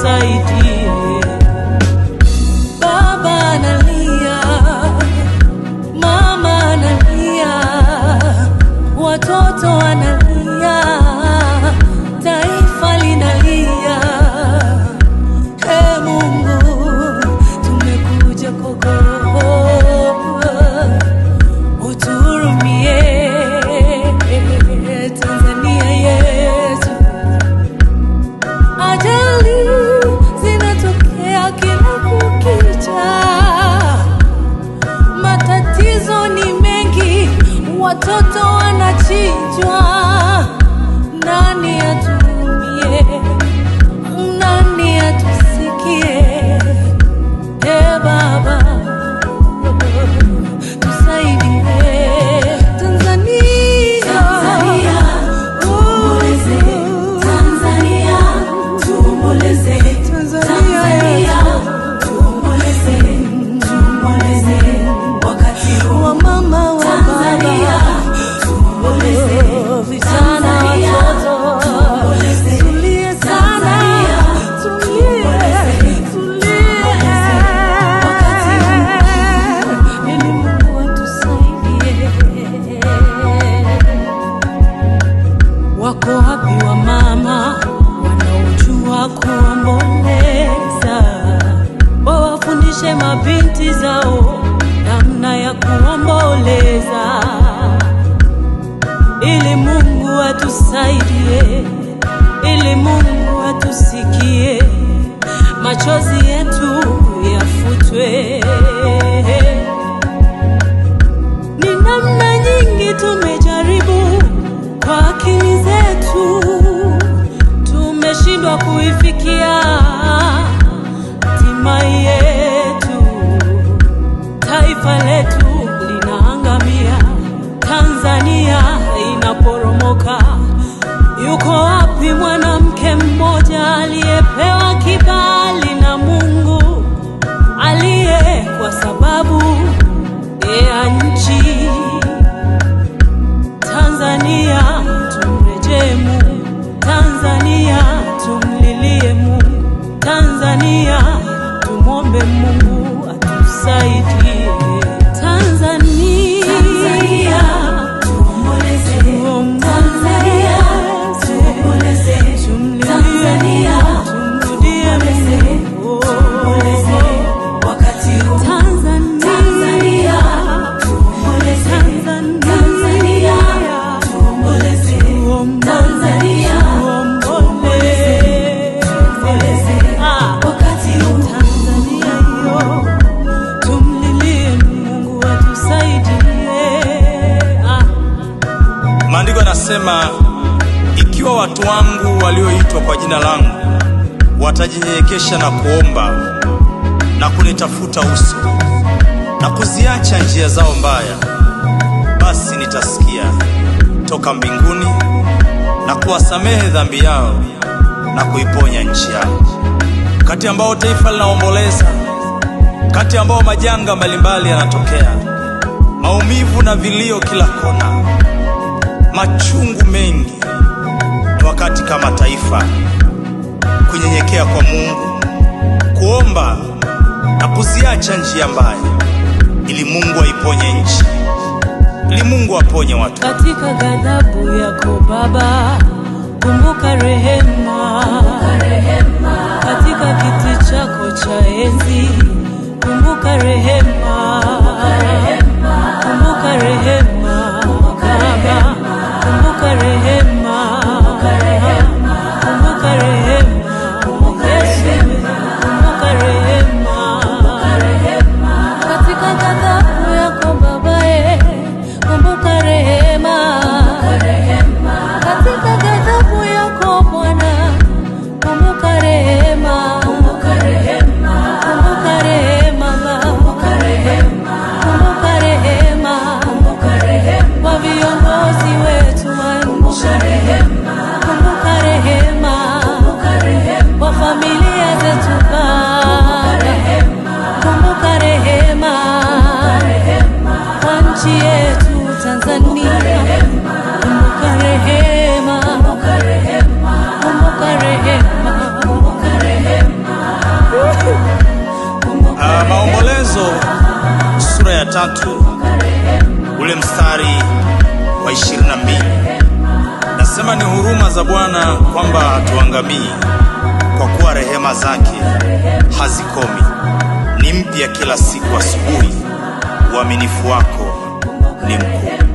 unisaidie baba analia, mama analia, watoto analia watoto wanachinjwa atusaidie, ili Mungu atusikie, machozi yetu yafutwe. you call Maandiko yanasema ikiwa watu wangu walioitwa kwa jina langu watajinyenyekesha na kuomba na kunitafuta uso na kuziacha njia zao mbaya, basi nitasikia toka mbinguni na kuwasamehe dhambi yao na kuiponya nchi yao. kati ambao taifa linaomboleza, kati ambao majanga mbalimbali yanatokea, maumivu na vilio kila kona machungu mengi ni wakati kama taifa kunyenyekea kwa Mungu, kuomba na kuziacha njia mbaya, ili Mungu aiponye nchi, ili Mungu aponye watu. Katika ghadhabu yako Baba, kumbuka rehema. Katika kiti chako cha enzi, kumbuka rehema. Nasema ni huruma za Bwana kwamba hatuangamii, kwa kuwa rehema zake hazikomi, ni mpya kila siku asubuhi. Uaminifu wako ni mkuu.